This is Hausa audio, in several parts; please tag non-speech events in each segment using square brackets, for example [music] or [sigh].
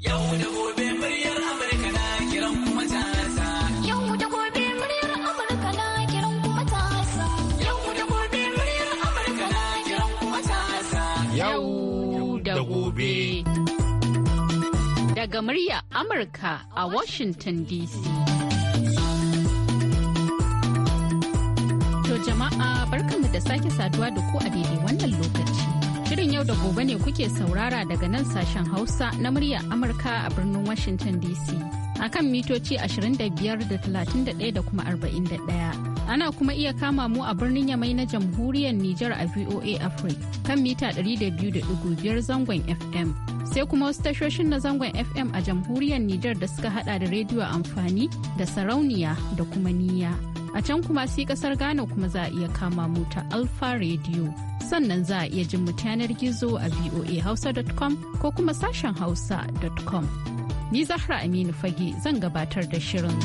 Yau da gobe muryar Amurka na kiran kuma ta Yau da gobe muryar Amurka na kiran kuma ta Yau da gobe muryar Amurka na kiran kuma ta Yau da gobe. Daga murya Amurka a Washington DC. To jama'a barkanmu da sake saduwa da ku a daidai wannan lokaci. Shirin yau da gobe ne kuke saurara daga nan sashen Hausa na murya Amurka a birnin Washington DC. A kan mitoci 25 da 31 da kuma 41. Ana kuma iya kama mu a birnin Yamai na jamhuriyar Nijar a VOA Africa kan mita 200.5 zangon FM. Sai kuma wasu tashoshin na zangon FM a jamhuriyar Nijar da suka hada da rediyo amfani da sarauniya da kuma niyya. A can kuma sai kasar Ghana kuma za a iya kama mu ta alpha Radio. sannan za a iya jin mu yanar gizo a voahausa.com ko kuma sashen hausa.com. Ni Zahra Aminu Fage zan gabatar da shirin.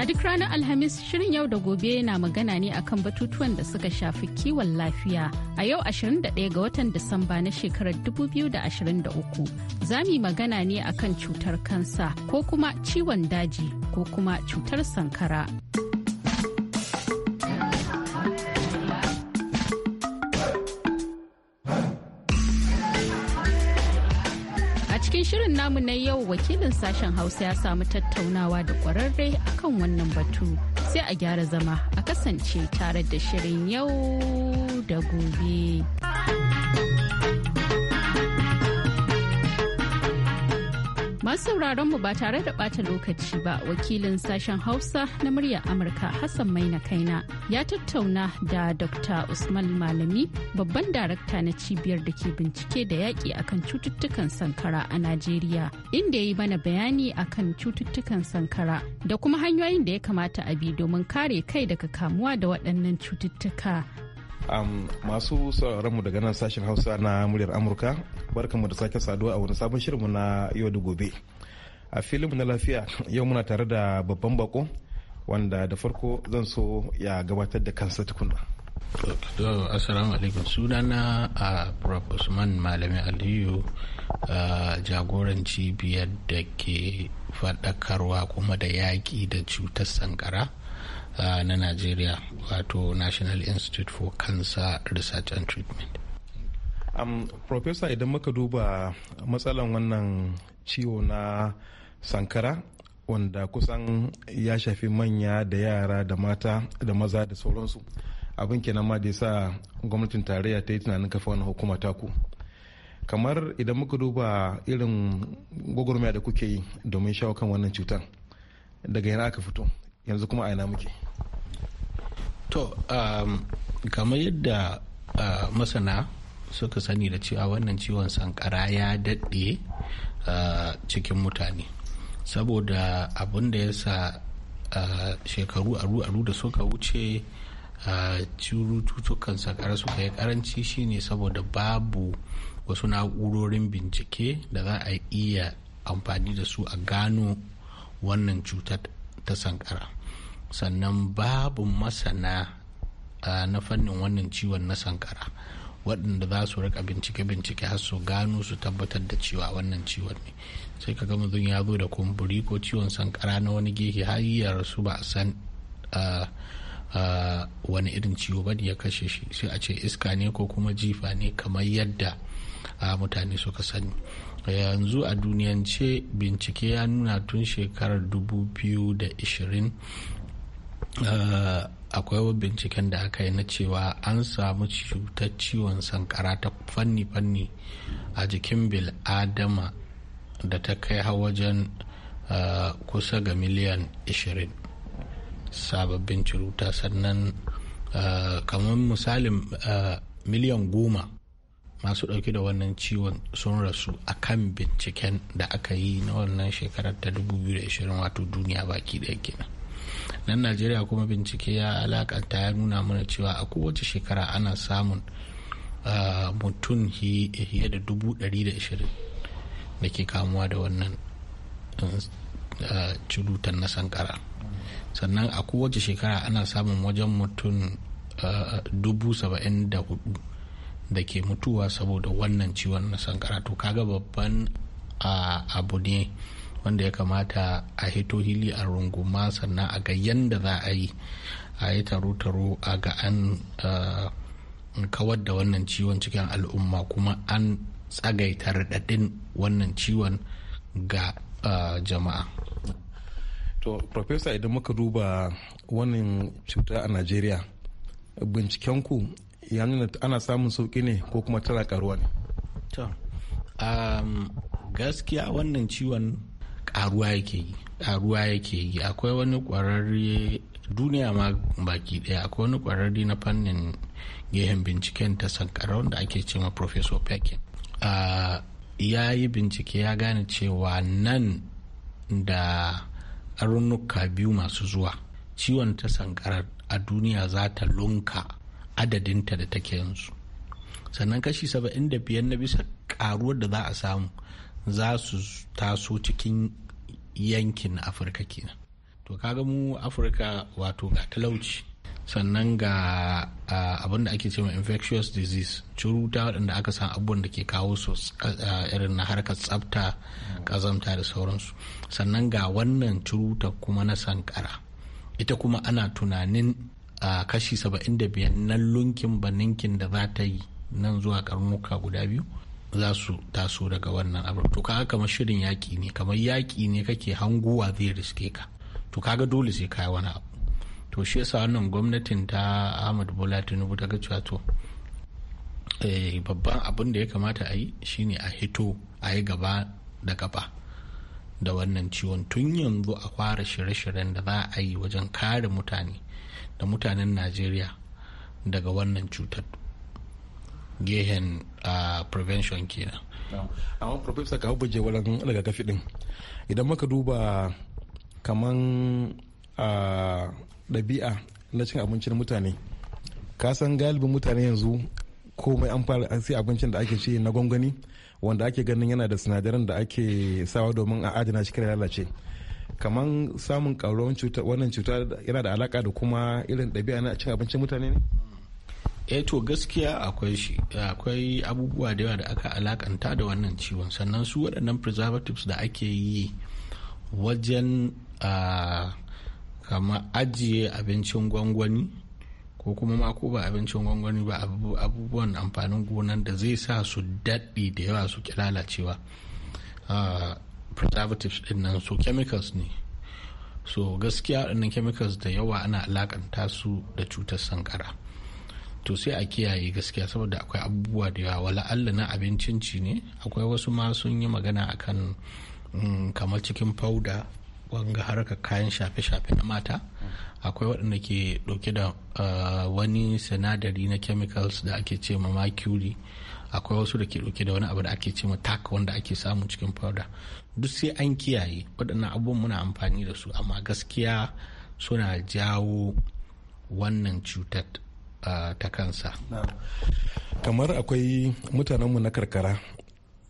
A duk ranar Alhamis shirin yau da gobe na magana ne akan batutuwan da suka shafi kiwon lafiya a yau 21 ga watan Disamba na shekarar 2023. Za mu yi magana ne akan cutar kansa ko kuma ciwon daji ko kuma cutar sankara. namu na yau wakilin sashen Hausa ya samu tattaunawa da kwararre akan wannan batu. Sai a gyara zama a kasance tare da shirin yau da gobe. Masu sauraron mu ba tare da bata lokaci ba wakilin sashen Hausa na muryar Amurka Hassan Maina Kaina ya tattauna da Dr. Usman Malami babban darakta na cibiyar da ke bincike da yaƙi akan cututtukan sankara a Najeriya inda ya yi mana bayani akan cututtukan sankara da kuma hanyoyin da ya kamata a bi domin kare kai daga kamuwa da waɗannan cututtuka. Um, masu mu daga nan sashen hausa na muryar amurka barkanmu da sake saduwa a wani sabon shirinmu na yau da gobe a filinmu na lafiya yau muna tare da babban bako wanda da farko zan so ya gabatar da kansa tukuna assalamu alaikum sunana a prof usman malami aliyu jagoran cibiyar da ke faɗakarwa kuma da yaƙi da cutar sankara na Najeriya wato National Institute for Cancer Research and Treatment. Um, Professor idan muka duba matsalan wannan ciwo na sankara wanda kusan ya shafi manya da yara da mata da maza da sauransu abin kenan ma da ya sa gwamnatin tarayya ta yi tunanin kafa wani hukuma taku kamar idan muka duba irin gwagwarmaya da kuke yi domin shawo kan wannan cutar daga yana aka fito yanzu kuma a muke to um, kamar yadda uh, masana suka sani da cewa wannan ciwon sankara ya daɗe uh, cikin mutane saboda abin da ya sa uh, shekaru aru-aru da suka wuce cututtukan sankara suka yi karanci shine saboda babu wasu na'urorin bincike da za a iya amfani da su a gano wannan cutar ta sankara sannan babu masana na fannin wannan ciwon na sankara waɗanda za su rika bincike-bincike har su gano su tabbatar da cewa wannan ciwon ne sai ka gama zun ya zo da kumburi ko ciwon sankara na wani gehe har su ba a san wani irin ciwo ba ya kashe shi sai a ce iska ne ko kuma jifa ne kamar yadda mutane suka sani yanzu a duniyance bincike ya nuna tun shekarar 2020 Eh, akwai binciken da aka yi na cewa an samu cutar ciwon sankara ta fanni-fanni a jikin bil'adama da ta kai wajen eh, kusa ga miliyan 20 sababbin ciruta sannan eh, kamar misalin miliyan goma masu ɗauke da wannan ciwon sun rasu a kan binciken da aka yi na wannan shekarar ta 2020 wato duniya baki ɗaya kenan. nan najeriya kuma bincike ya alakanta ya nuna mana cewa a kowace shekara ana samun mutum fiye da dubu ɗari da ashirin da ke kamuwa da wannan cutar na sankara sannan a kowace shekara ana samun wajen mutum dubu saba'in da hudu da ke mutuwa saboda wannan ciwon na sankara to kaga babban abu ne wanda ya kamata a hito hili a runguma sannan a ga yanda za a yi a yi taro-taro a ga an uh, kawar da wannan ciwon cikin al'umma kuma an tsagaita raɗaɗin wannan ciwon ga uh, jama'a to professor idan muka duba wannan cuta a binciken bincikenku ya nuna ana samun sauƙi ne ko kuma tara karuwa ne um, gaskiya wannan ciwon karuwa yake yi karuwa yake yi akwai wani kwararre duniya ma baki daya akwai wani kwararre na fannin gehen binciken ta sankara wanda ake ce ma professor pekin ya yi bincike ya gane cewa nan da karnuka biyu masu zuwa ciwon ta sankarar a duniya za ta lunka adadinta da take yanzu sannan kashi 75 na bisa karuwar da za a samu za su taso cikin yankin afirka kenan to kaga mu afirka wato ga talauci sannan ga abin da ake cewa infectious disease curuta waɗanda aka san abubuwan da ke kawo su irin na harkar tsafta kazamta da sauransu sannan ga wannan curuta kuma na sankara ita kuma ana tunanin a kashi 75 na lunkin baninkin da za ta yi nan zuwa karnuka guda biyu za su taso daga wannan abu to kaga kama shirin yaƙi ne kamar yaƙi ne kake hanguwa zai riske ka to kaga dole sai kai wani abu to shi yasa wannan gwamnatin ta Ahmad Bola Tinubu ta ga cewa to eh, babban abin da ya kamata a yi shine a hito a yi gaba da gaba da wannan ciwon tun yanzu a fara shirye-shiryen da za a yi wajen kare mutane da mutanen najeriya daga wannan cutar gehen prevention kenan amma professor ka hau daga rigakafi ɗin idan muka duba kaman ɗabi'a na cin abincin mutane ka san galibin mutane yanzu komai an fara sai abincin da ake ci na gwangwani wanda ake ganin yana da sinadaran da ake sawa domin a adana shi lalace kaman samun karuwan cuta wannan cuta yana da alaka da kuma irin ɗabi'a na cin abincin mutane ne eh to gaskiya akwai shi akwai abubuwa da yawa da aka alakanta da wannan ciwon sannan su waɗannan preservatives da ake yi wajen kama ajiye abincin gwangwani ko kuma ma ba abincin gwangwani ba abubuwan amfanin gonan da zai sa su daɗi da yawa su ki lalacewa preservatives dinnan nan su chemicals ne so gaskiya waɗannan chemicals da yawa ana alakanta su da cutar sankara to sai a kiyaye gaskiya saboda akwai abubuwa da yawa wala Allah na abincin ci ne akwai wasu ma sun yi magana akan mm, kamar cikin fauda wanga harkar kayan shafe-shafe na mata akwai waɗanda ke ɗauke da ah, wani sinadari na chemicals da ake ce ma mercury akwai wasu da ke ɗauke da wani abu da ake ce ma tak wanda ake samu cikin fauda duk sai an kiyaye waɗannan abubuwan muna amfani da su amma gaskiya suna jawo wannan cutar ta kansa kamar akwai mutanenmu na karkara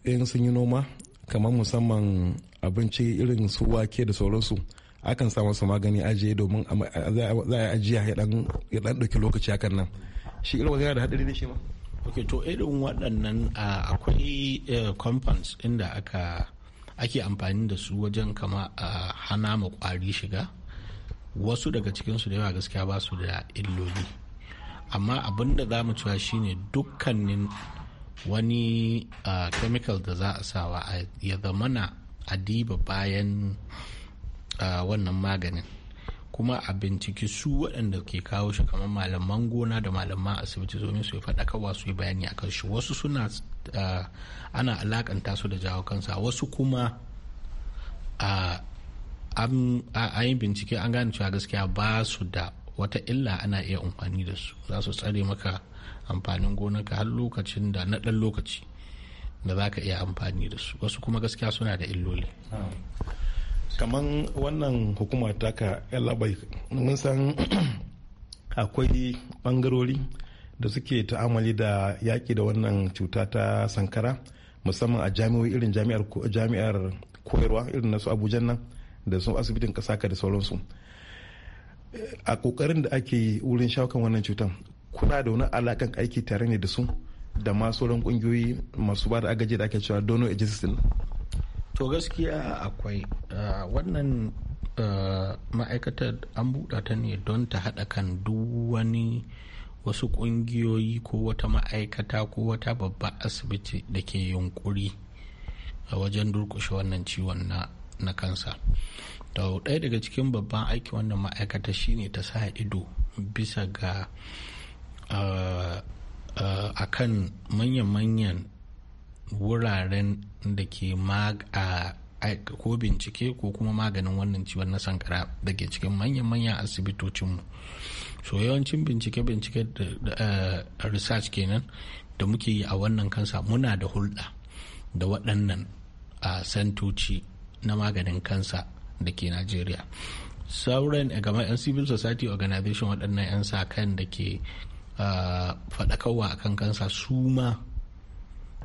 in sun yi noma kamar musamman abinci irin su wake da sauransu akan sa su magani ajiye domin za a ajiya ya dan ɗauki lokaci hakan nan shi irin wajen da haɗari ne shi ma ok to irin waɗannan akwai e, compounds inda aka ake amfani da su wajen kama a hana ma kwari shiga wasu daga cikinsu da yawa gaskiya ba su da illoli amma abin da za mu cewa shine dukkanin wani chemical da za a sawa ya zama a diba bayan wannan maganin kuma a binciki su waɗanda ke kawo shi kamar malaman gona da malaman asibiti domin su yi faɗakarwa su yi bayani a karshe shi wasu suna ana alakanta su da jawo kansa wasu kuma a yi bincike an gane cewa gaskiya ba su da wata illa ana iya amfani da su za su tsare maka amfanin gonarka har lokacin da na ɗan lokaci da za ka iya amfani da su wasu kuma gaskiya suna da illoli kaman wannan hukuma ta ka mun san [clears throat] akwai bangarori da suke ta'amali da yaƙi da wannan cuta ta sankara musamman a jami'o'i irin jami'ar koyarwa irin na abujan nan da su asibitin kasaka da sauransu a kokarin da ake yi wurin shawakan wannan cutan kuna da wani alakan aiki tare ne da su da ma sauran kungiyoyi masu ba da agaji da ake cewa dono agency. to gaskiya akwai ah, wannan ah, ma'aikatar an buɗa ta ne don ta haɗa kan duk wani wasu ƙungiyoyi ko wata ma'aikata ko wata babba asibiti da ke yunkuri a wajen durkushe wannan ciwon na na kansa to ɗaya daga cikin babban aiki wannan ma'aikata shine ta sa ido bisa ga a kan manyan-manyan wuraren da ke ko bincike ko kuma maganin wannan ciwon na sankara da ke cikin manyan-manyan asibitocinmu so yawancin bincike-bincike da research kenan da muke yi a wannan kansa muna da hulɗa da waɗannan a santoci na maganin kansa da ke najeriya sauran gama eh, 'yan civil society organization waɗannan 'yan sa kan da ke ah, faɗakarwa a kan kansa su ma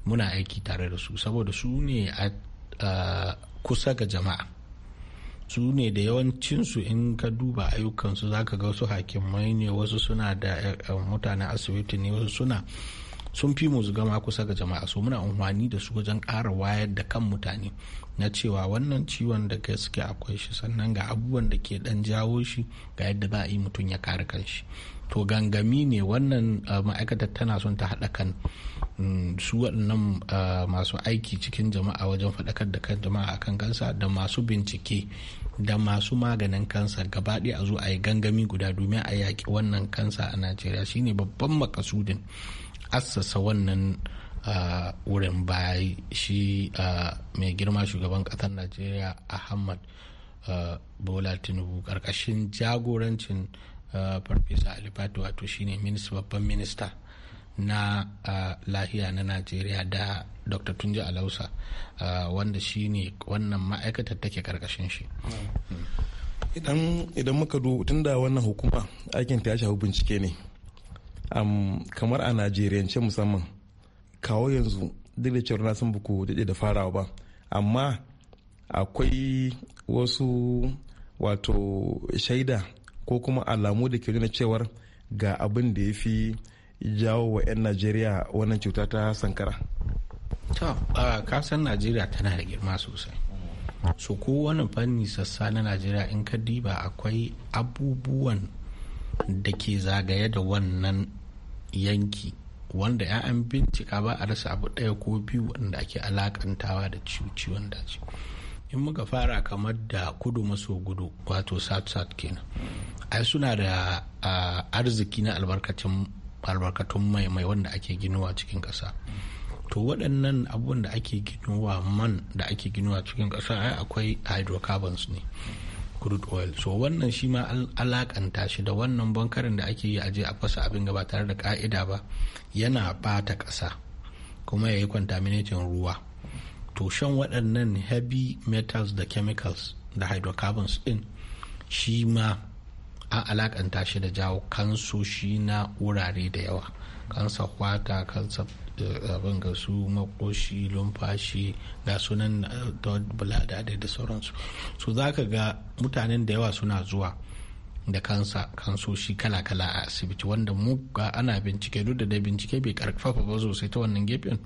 muna aiki tare da su saboda su ne a ah, kusa ga jama'a su ne da yawancinsu in ka duba ayyukansu za ka ga wasu hakimai ne wasu suna da eh, mutanen asibiti ne wasu suna sun fi mu gama kusa ga jama'a su muna amfani da su wajen ƙara wayar da kan mutane na cewa wannan ciwon da ke suke akwai shi sannan ga abubuwan da ke dan jawo shi ga yadda za a yi mutum ya kare kanshi to gangami ne wannan ah, ma'aikatar tana son ta haɗa kan mm, su waɗannan ah, masu aiki cikin jama'a wajen faɗakar da kan jama'a akan kansa da masu bincike da masu maganin kansa gaba gabaɗe a zo a yi gangami guda domin a yaƙi wannan kansa a najeriya shine babban makasudin assasa wannan wurin ba shi mai girma shugaban ƙasar najeriya ahmad bola tinubu ƙarƙashin jagorancin farfesa alifatu wato shine babban minista na lahiya na najeriya da dr tunji alausa wanda shine wannan ma'aikatar take karkashin shi idan muka tun da wannan hukuma aikin ta ya shafi bincike ne kamar a najeriyance musamman kawo yanzu duk da cewa na san buku daɗe da farawa ba amma akwai wasu wato shaida ko kuma alamu da ke nuna cewar ga abin da ya fi jawo wa 'yan najeriya wannan cuta ta sankara to kasan najeriya tana da girma sosai so wani fanni sassa na najeriya in ka diba akwai abubuwan da ke zagaye da wannan yanki wanda 'ya'yan bincika ba a rasa abu ɗaya ko biyu wanda ake alakantawa da ciwon daji in muka fara kamar da kudu maso gudu wato south south kenan ai suna da arziki na albarkatun mai mai wanda ake ginowa cikin ƙasa to waɗannan abubuwan da ake ginowa man da ake ginowa cikin ƙasa ai akwai hydrocarbons ne crude oil so wannan shi ma alakanta shi da wannan bankarin da ake yi aje a fasa abin gaba tare da ka'ida ba yana bata ƙasa kuma ya yi contaminating ruwa to shan waɗannan heavy metals da chemicals da hydrocarbons din shi ma an alakanta shi da jawo shi na wurare da yawa kansa kwata kansa abin ga su makoshi lumfashi ga sunan eh, bulada da sauransu su za ka ga mutanen da yawa suna zuwa da kansa shi kala-kala a asibiti wanda mu ga ana bincike duk da bincike bai karfafa ba sosai ta wannan gefen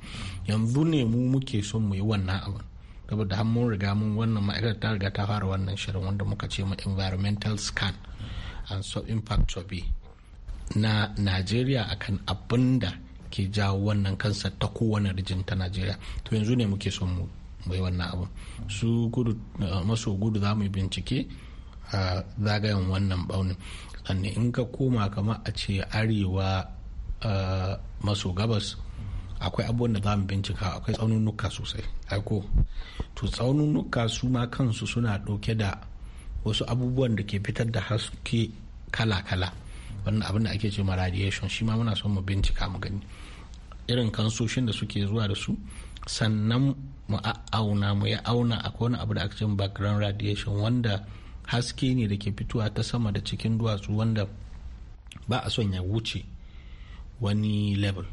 yanzu ne mu muke son mu yi wannan abin saboda har mun riga mun wannan ma'aikatar ta riga ta fara wannan shirin wanda muka ce mu environmental scan and sub impact be na najeriya akan abin da ke jawo wannan kansa ta kowane rijin ta najeriya to yanzu ne muke son mu wannan abu su gudu eh, maso gudu za mu yi bincike a zagayen wannan baunin sannan in ka koma kamar a ce arewa maso gabas akwai abubuwan da za mu bincika akwai tsaununuka sosai aiko to tsaununuka su ma kansu suna dauke da wasu abubuwan da ke fitar da haske kala-kala wannan abin da ake ce ma radiation shi ma muna son mu bincika mu gani irin kansoshin da suke zuwa da su sannan mu auna mu ya auna a wani abu da ake ce background radiation wanda haske ne da ke fitowa ta sama da cikin duwatsu wanda ba a son ya wuce wani level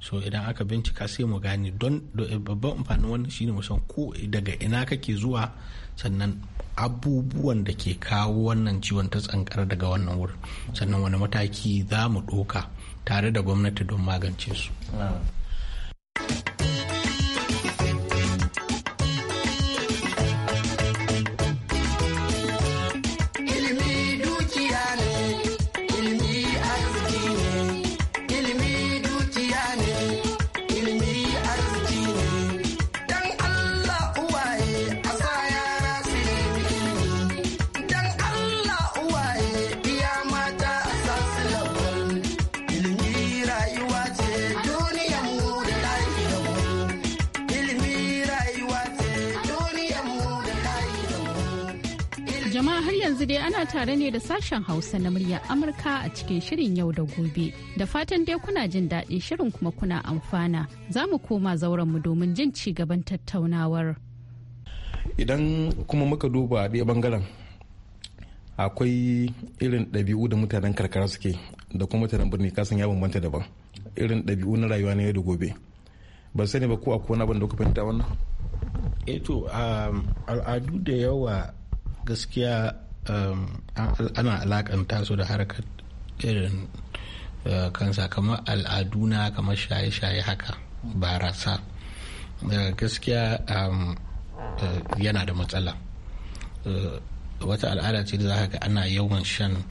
so idan aka bincika sai mu gani don babban amfanin wani shine mu san ko daga ina kake zuwa sannan abubuwan da ke kawo wannan ciwon ta tsankara daga wannan wurin sannan wani mataki za mu ɗoka tare da gwamnati don magance su. yanzu dai ana tare ne da sashen Hausa na muryar Amurka a cikin shirin yau da gobe. Da fatan dai kuna jin daɗin shirin kuma kuna amfana. Za mu koma zauren mu domin jin ci gaban tattaunawar. Idan kuma muka duba ɗaya bangaren akwai irin ɗabi'u da mutanen karkara suke da kuma mutanen birni kasan ya bambanta daban irin ɗabi'u na rayuwa na yau da gobe. ba sani ba ko akwai wani abin da kuka fahimta wannan? eto eh al'adu da yawa gaskiya Um, ana alakanta su da harkar irin uh, kansa kamar al'aduna kamar shaye-shaye haka barasa gaskiya um, uh, yana da matsala uh, wata al'ada ce da za ka ana yawan shan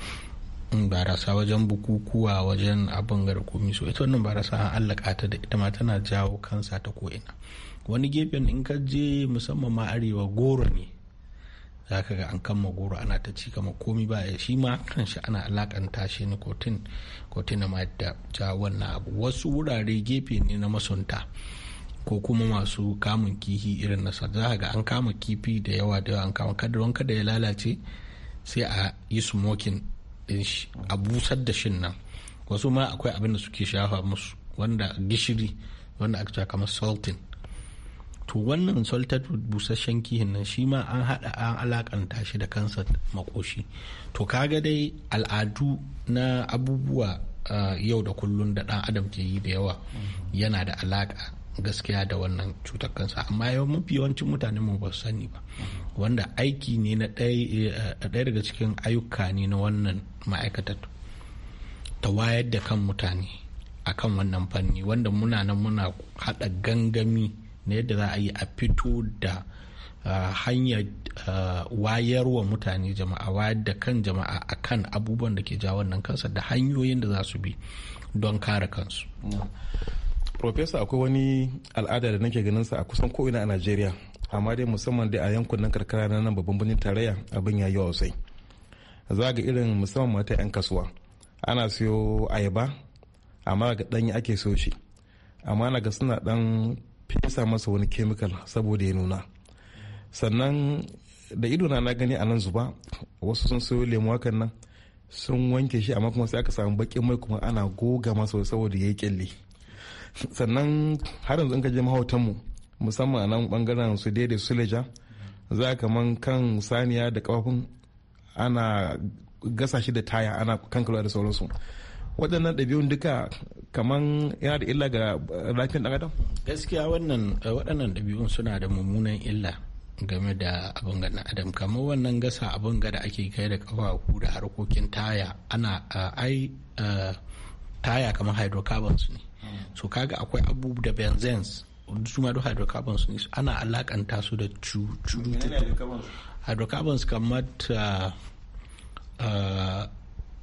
barasa wajen bukukuwa wajen abin garkumi so ita wannan barasa an allaka ta da ita ma tana jawo kansa ta ko'ina wani gefen in ka je musamman ma arewa goro ne za ka ga an kama goro ana ta ci kama komi ba ya shi ma kanshi ana alakanta shi kotun kotin ma da ja wannan abu wasu wurare gefe ne na masunta ko kuma masu kamun kihi irin na za ga an kama kifi da yawa da yawa an kama kada wanka da ya lalace sai a yi smoking din shi a busar da shin nan wasu ma akwai abin da suke shafa musu wanda gishiri wanda aka kamar salting to wannan salted busasshen kihin nan shi ma an haɗa an alakanta shi da kansa makoshi to kaga dai al'adu na abubuwa yau da kullun da ɗan adam ke yi da yawa yana da alaƙa gaskiya da wannan cutar kansa amma yau mafi yawancin mutane mu ba su sani ba wanda aiki ne na ɗaya daga cikin ayyuka ne na wannan ma'aikatar ta wayar da kan mutane akan wannan fanni wanda muna nan muna haɗa gangami ne yadda za a yi a fito da hanyar wayarwa mutane jama'a wayar da kan jama'a akan abubuwan da ke ja wannan kansa da hanyoyin da za su bi don kare kansu Profesa akwai wani al'ada da nake ganin sa a kusan ko'ina a Najeriya amma dai musamman dai a yankunan karkara na nan babban birnin tarayya abin ya yi sosai za ga irin musamman mata 'yan kasuwa ana siyo ayaba amma ga ɗanyi ake so shi amma na ga suna ɗan fesa masa wani kemikal saboda ya nuna sannan da idona na gani a nan zuba wasu sun sayo lemu hakan nan sun wanke shi amma kuma sai aka samu bakin mai kuma ana goga masa saboda ya yi kyalle sannan har yanzu in ka je mahautanmu musamman a nan bangaren su daidai suleja za ka man kan saniya da kafafun ana gasa da taya ana kankalwa da sauransu waɗannan ɗabi'un duka kaman yana da illa ga eh, lafiyar ɗan adam gaskiya wannan eh, waɗannan ɗabi'un suna da mummunan illa game da abin ga ɗan adam kamar wannan gasa abin ga da ake kai da ƙafafu da harkokin taya ana eh, ai taya kamar hydrocarbons ne hmm. so kaga akwai abubuwa da benzens su ma duk hydrocarbons ne ana alakanta su da cututtuka hydrocarbons kamar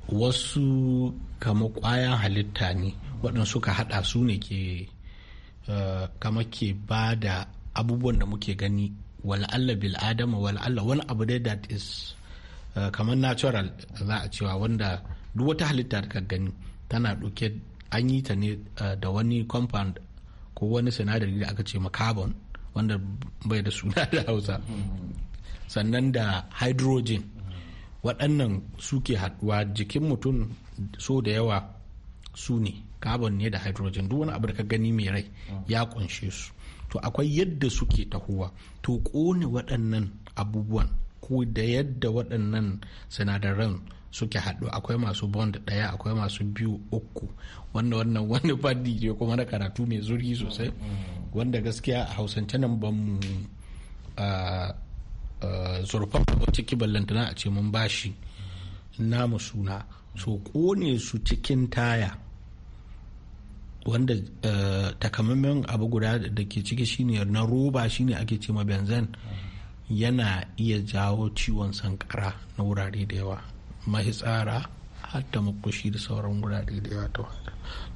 wasu kama kwayan halitta ne waɗanda suka haɗa su ne ke eh, kama ke ba da abubuwan da muke gani wal'alla bil adama wal'alla wani abu dai that is eh, kamar natural za a cewa wanda duk wata halitta da ka gani tana ɗauke an yi ta ne eh, da wani compound ko wani sinadari da aka ce ma carbon wanda bai da suna da hausa hmm. sannan da hydrogen waɗannan suke haɗuwa jikin mutum so da yawa su ne carbon ne da hydrogen duk wani abu da ka gani mai rai ya kunshe su to akwai yadda suke tahowa to ƙone waɗannan abubuwan ko da yadda waɗannan sinadaran suke haɗu akwai masu bond ɗaya akwai masu biyu uku wanda wannan [laughs] wani fadi ne kuma na karatu mai zurgi sosai wanda gaskiya a hausance nan ban mu ah, Eh, zurfafa wata kiballantana a ce mun bashi namu suna so kone su cikin taya wanda eh, takamaiman abu guda da ke ciki shine na roba shine ake ce ma benzen yana iya jawo ciwon sankara na wurare da yawa mahitsara hatta makoshi da sauran wurare da yawa ta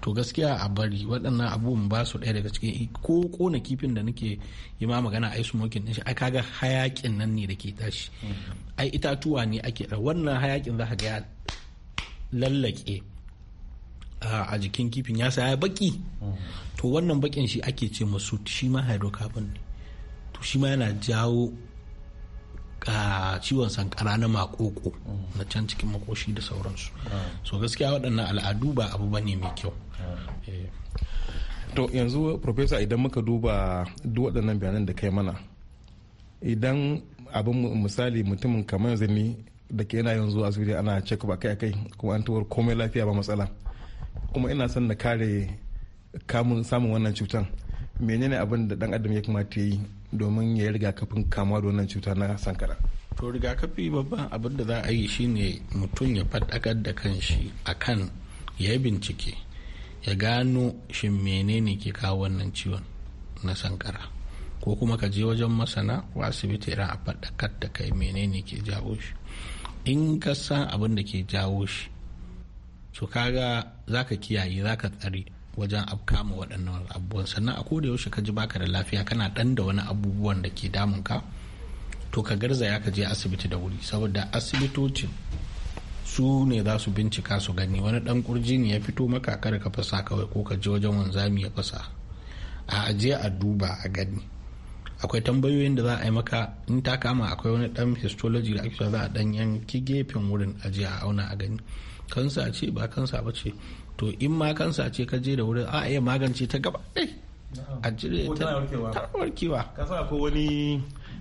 to gaskiya a bari waɗannan abubuwan ba su ɗaya daga cikin ko kona kifin da nake yi ma magana a su smoking din shi ai kaga hayakin nan ne da ke tashi mm-hmm. ai itatuwa ne ake wannan hayakin za ka ga ya a jikin kifin ya saya baki mm-hmm. to wannan bakin shi ake ce masu shi ma hydrocarbon ne to shi ma yana jawo ciwon sankara na makoko na can cikin makoshi da sauransu ah. so gaskiya waɗannan al'adu ba abu ba ne mai kyau ah. eh. to yanzu profesa idan muka duba duk waɗannan bayanan da kai mana idan abin misali mutumin kamar yanzu da ke yana yanzu asibiti ana check ba kai kai kuma an tuwar komai lafiya ba matsala kuma ina son na kare kamun samun wannan cutan menene abin da dan adam ya kamata ya yi domin ya yi rigakafin kamuwa da wannan cuta na sankara to rigakafi babban abin da za a yi shine mutum ya faɗakar da kan kanshi kan ya bincike ya gano shin menene ke kawo wannan ciwon na sankara ko kuma ka je wajen masana ko asibiti idan a faɗakar da kai menene ke jawo shi in ka san abin da ke jawo shi to kaga za kiyaye zaka tsare wajen kama waɗannan abubuwan sannan a koda yaushe ka ji baka da lafiya kana ɗan da wani abubuwan da ke damun ka to ka garzaya ka je asibiti da wuri saboda asibitocin su ne za su bincika su gani wani ɗan kurji ne ya fito maka kar ka fasa kawai ko ka je wajen wanzami ya fasa a aje a duba a gani akwai tambayoyin da za a yi maka in ta kama akwai wani ɗan histology da ake za a ɗan yanki gefen wurin aje a auna a gani kansa ce ba kansa ba ce to in ma kansa ce ka je da wurin a iya magance ta gaba a jire ta warkewa kasa ko wani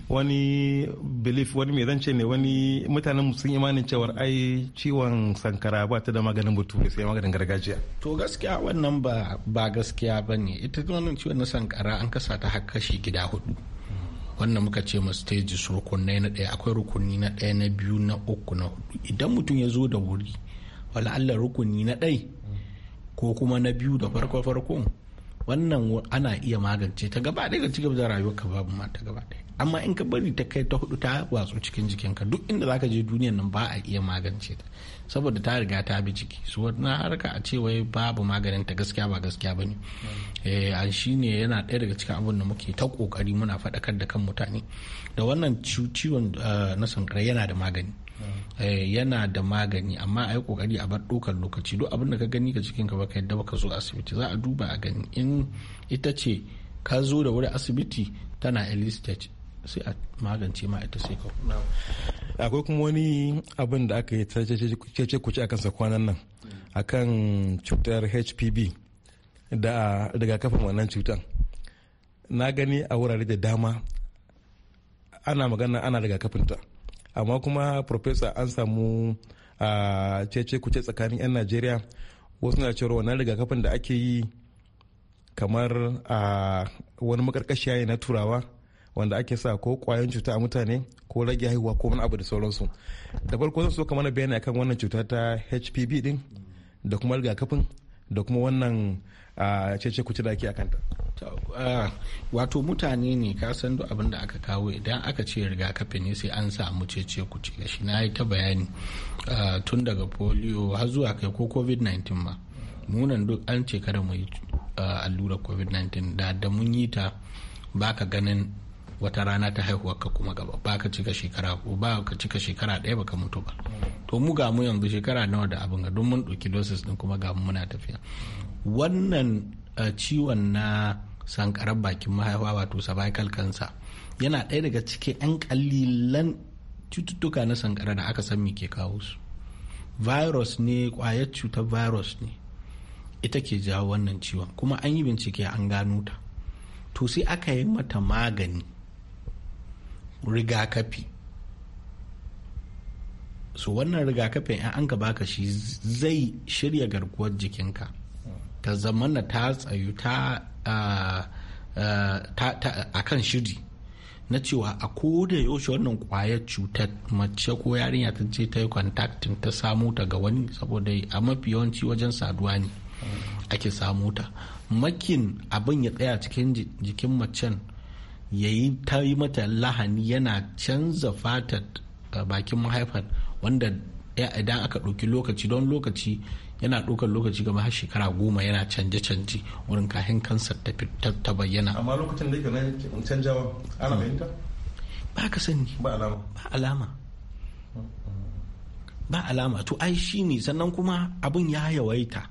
wani belief wani mai zance ne wani mutanen sun imanin cewar ai ciwon sankara ba ta da maganin bature sai maganin gargajiya to gaskiya wannan ba ba gaskiya ba ne ita wannan ciwon na sankara an kasa ta har kashi gida hudu wannan muka ce ma stages rukunai na ɗaya akwai rukuni na ɗaya na biyu na uku na hudu idan mutum ya zo da wuri wala Allah rukuni na ɗaya ko kuma na biyu da farko farko wannan ana iya magance ta gaba daya ka ci gaba da rayuwar ka babu ma ta gaba daya amma in ka bari ta kai ta hudu ta watsu cikin jikinka duk inda zaka je duniyan nan ba a iya magance ta saboda ta riga ta bi ciki su wannan harka a ce wai babu maganin ta gaskiya ba gaskiya bane eh an shine yana ɗaya daga cikin abin da muke ta kokari muna faɗakar da kan mutane da wannan ciwon eh, na sankara yana da magani Eh, yana da magani amma a yi kokari a bar dokar lokaci duk abin da ka gani ka cikin ka ka yadda ka zo asibiti za a duba a gani in ita ce ka zo da wuri asibiti tana early stage sai a magance ma ita sai ka akwai kuma wani abin da aka yi ta cece kuce a kansa kwanan nan akan cutar hpv da daga kafin wannan cutar na gani a wurare da dama ana magana ana daga ta. amma kuma professor an samu a cece kuce tsakanin 'yan najeriya wasu na cewa wannan rigakafin da ake yi kamar a wani makarkashiya ne na turawa wanda ake sa ko kwayan cuta a mutane ko rage haihuwa ko wani abu da sauransu da farko zan so kamar bayani kan wannan cuta ta hpv din da kuma rigakafin da kuma wannan cece kuci da ake a kanta wato mutane ne ka san duk abin da aka kawo idan aka ce rigakafi ne sai an samu cece kuci da shi na yi ta bayani tun daga polio har zuwa kai ko covid-19 ma munan duk an ce kada mu yi allurar covid-19 da da mun yi ta baka ganin wata rana ta haihuwa ka kuma gaba ba ka cika shekara ko ba ka cika shekara ɗaya ba ka mutu ba to mu ga mu yanzu shekara nawa da abin ga don mun ɗauki dosis din kuma ga mu muna tafiya wannan eh, ciwon na sankarar bakin mahaifa wato cervical cancer yana ɗaya daga cikin 'yan ƙalilan cututtuka na sankara da aka san me ke kawo su virus ne kwayar cutar virus ne ita ke jawo wannan ciwon kuma an yi bincike an gano ta to sai aka yi mata magani rigakafi so wannan rigakafin in an ka baka shi zai shirya garkuwar jikinka ta zamana ta tsayu ta a kan shiri na cewa a koda yaushe wannan kwayar cutar mace ko yarinya ta ce ta yi contacting ta samu ta ga wani saboda a mafi yawanci wajen saduwa ne ake samu ta makin abin ya tsaya cikin jikin macen ya yi ta yi mata lahani yana canza fatar bakin mahaifar wanda idan aka ɗauki lokaci don lokaci yana ɗaukar lokaci gaba har shekara goma yana canje-canje wurin kahin kansar ta bayyana amma lokacin da canjawa ana fahimta ba ka sani ba alama ba alama to ai shi ne sannan kuma abin ya yawaita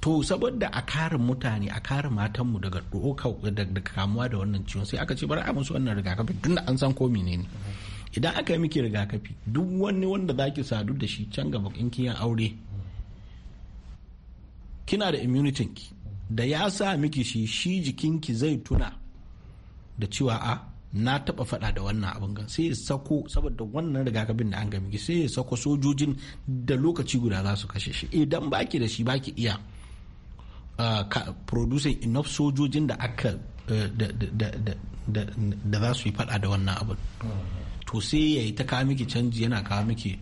to saboda a kare mutane a kare matanmu daga da kamuwa da wannan ciwon sai aka ce bari a musu wannan rigakafi tun da an san ko ne idan aka yi miki rigakafi duk wani wanda ki sadu da shi can gaba in kiyan aure kina da immunity ki da ya sa miki shi shi jikinki zai tuna da cewa a na taba faɗa da wannan abin gan sai ya sako saboda wannan rigakafin da an ga sai ya sako sojojin da lokaci guda za su kashe shi idan baki da shi baki iya Ah, producing enough sojojin da aka eh, da za su yi fada da wannan abin to sai ya yi ta kawo miki canji yana kawo miki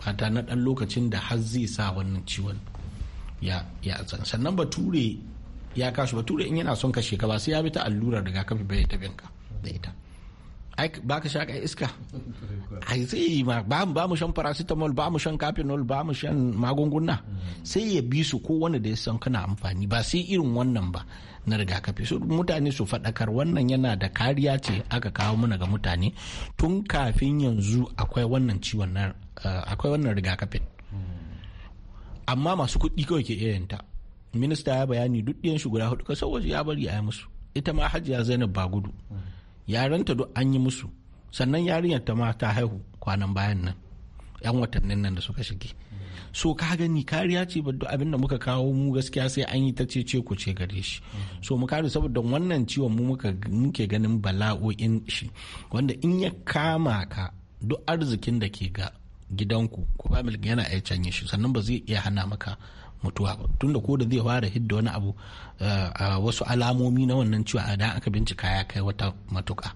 fata na ɗan lokacin da har zai sa wannan ciwon ya tsan sannan bature ya kashi bature in yana son ka ba sai ya bi ta allurar rigakafi bai ta binka da ita ba ka sha iska ai sai ba mu ba mu shan paracetamol ba mu shan capinol ba mu shan magunguna sai ya bi su ko wanda da ya san kana amfani ba sai irin wannan ba na rigakafi su mutane su faɗakar wannan yana da kariya ce aka kawo mana ga mutane tun kafin yanzu akwai wannan ciwon eh, akwai wannan rigakafin amma masu kuɗi kawai ke iya yanta minista ya bayani duk ɗiyan shi guda hudu ka wasu ya bari a yi musu ita ma hajiya zainab ba gudu yaranta duk an yi musu sannan yarinyar ta ma ta haihu kwanan bayan nan yan watannin nan da suka shige so ka gani kariya ce ba duk abin da muka kawo mu gaskiya sai an yi ta ce ce ku ce gare shi so mu kare saboda wannan ciwon mu muka muke ganin bala'o'in shi wanda in ya kama ka duk arzikin da ke ga gidanku ko family yana iya shi sannan ba zai iya hana maka mutuwa ba tunda ko da zai fara hidda wani abu eh, a wasu alamomi na wannan ciwo a dan aka bincika ya kai wata matuka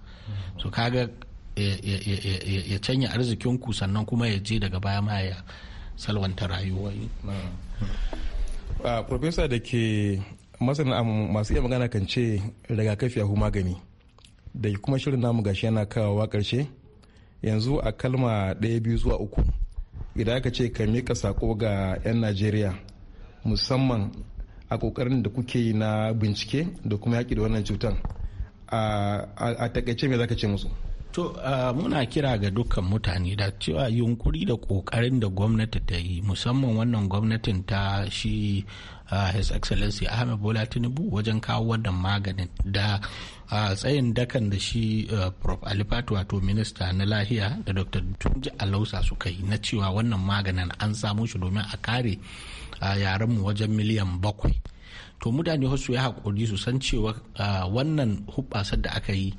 so kaga ya canya arzikin ku sannan kuma ya je daga baya ma ya salwanta rayuwa hmm. ah, profesa da ke masana masu iya magana kan ce rigakafi a magani da kuma shirin namu gashi yana kawowa karshe yanzu a kalma ɗaya biyu zuwa uku idan aka ce ka mika sako ga 'yan najeriya musamman a kokarin da kuke yi na bincike da kuma yaƙi da wannan cutar a takaice me zaka ce musu to muna kira ga dukkan mutane da cewa yunkuri da kokarin da gwamnati ta yi musamman wannan gwamnatin ta shi his excellency ahmed bola tinubu wajen kawo wannan maganin da a tsayin dakan da shi prof alifatu wato minista na lahiya da dr tunji alausa suka yi na cewa wannan maganin an samu shi domin a kare yaren mu wajen miliyan bakwai to mutane wasu ya haƙuri su san cewa wannan hubbasar da aka yi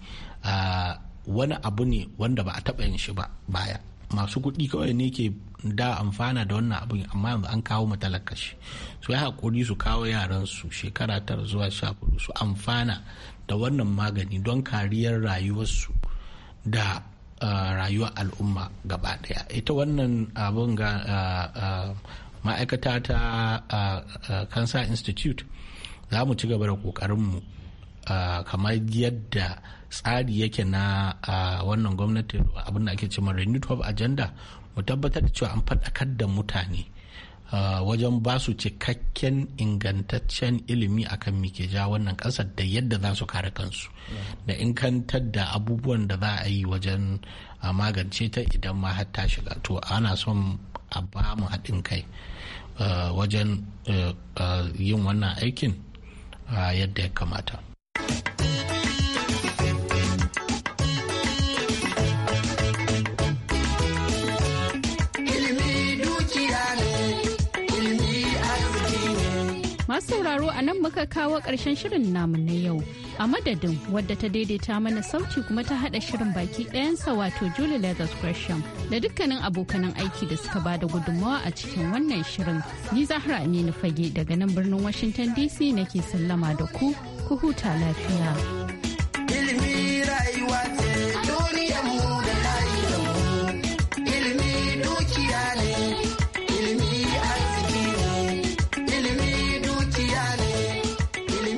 wani abu ne wanda ba a taɓa yin shi ba baya masu kuɗi kawai ne ke da amfana da wannan abin amma yanzu an kawo mu talakashi su yi haƙuri su kawo yaran su shekara tara zuwa sha su amfana da wannan magani don kariyar rayuwarsu da ah, rayuwar al'umma gaba daya ita wannan abin ga ah, ah, ma'aikata ta cancer institute za mu ci gaba da kokarinmu kamar yadda tsari yake na wannan gwamnati abin da ake cewa renewed hope agenda mu tabbatar da cewa an faɗakar da mutane uh, wajen ba su cikakken ingantaccen ilimi akan kan ke ja wannan ƙasar da yadda za su kare kansu da inkantar da abubuwan da za a yi wajen uh, magance ta idan ma har shiga to ana son a ba mu haɗin kai uh, wajen yin wannan aikin yadda ya kamata. sauraro a nan muka kawo ƙarshen shirin namu na yau. A madadin wadda ta daidaita mana sauti kuma ta haɗa shirin baki ɗayansa wato Julie Lagos Gresham da dukkanin abokanan aiki da suka bada gudummawa a cikin wannan shirin. Ni Zahra Aminu Fage daga nan birnin Washington DC nake sallama da ku, ku huta lafiya.